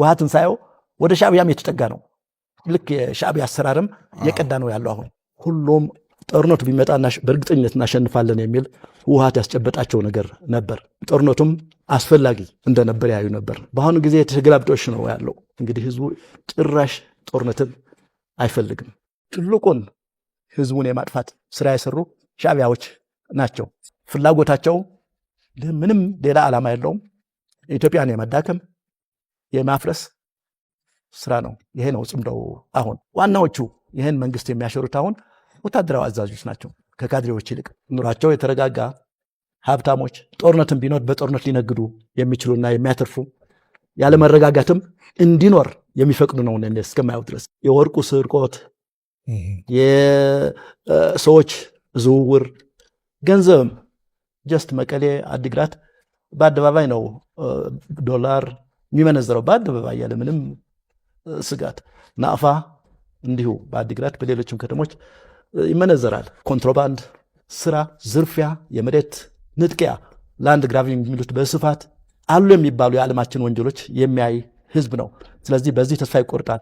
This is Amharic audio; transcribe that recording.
ውሃ ትንሣኤው ወደ ሻዕቢያም የተጠጋ ነው። ልክ የሻዕቢያ አሰራርም የቀዳ ነው ያለው። አሁን ሁሉም ጦርነቱ ቢመጣና በእርግጠኝነት እናሸንፋለን የሚል ውሃት ያስጨበጣቸው ነገር ነበር። ጦርነቱም አስፈላጊ እንደነበር ያዩ ነበር። በአሁኑ ጊዜ የተገላብጦች ነው ያለው። እንግዲህ ህዝቡ ጭራሽ ጦርነትን አይፈልግም። ትልቁን ህዝቡን የማጥፋት ስራ የሰሩ ሻዕቢያዎች ናቸው። ፍላጎታቸው ምንም ሌላ ዓላማ የለውም። ኢትዮጵያን የማዳከም የማፍረስ ስራ ነው። ይሄ ነው ጽምደው። አሁን ዋናዎቹ ይህን መንግስት የሚያሸሩት አሁን ወታደራዊ አዛዦች ናቸው። ከካድሬዎች ይልቅ ኑሯቸው የተረጋጋ ሀብታሞች፣ ጦርነትም ቢኖር በጦርነት ሊነግዱ የሚችሉና የሚያተርፉ ያለመረጋጋትም እንዲኖር የሚፈቅዱ ነው። እስከማየው ድረስ የወርቁ ስርቆት፣ የሰዎች ዝውውር፣ ገንዘብም ጀስት መቀሌ፣ አዲግራት በአደባባይ ነው ዶላር የሚመነዘረው በአደባባይ ያለ ምንም ስጋት። ናፋ እንዲሁ በአዲግራት በሌሎችም ከተሞች ይመነዘራል። ኮንትሮባንድ ስራ፣ ዝርፊያ፣ የመሬት ንጥቂያ፣ ላንድ ግራቪንግ የሚሉት በስፋት አሉ የሚባሉ የዓለማችን ወንጀሎች የሚያይ ህዝብ ነው። ስለዚህ በዚህ ተስፋ ይቆርጣል።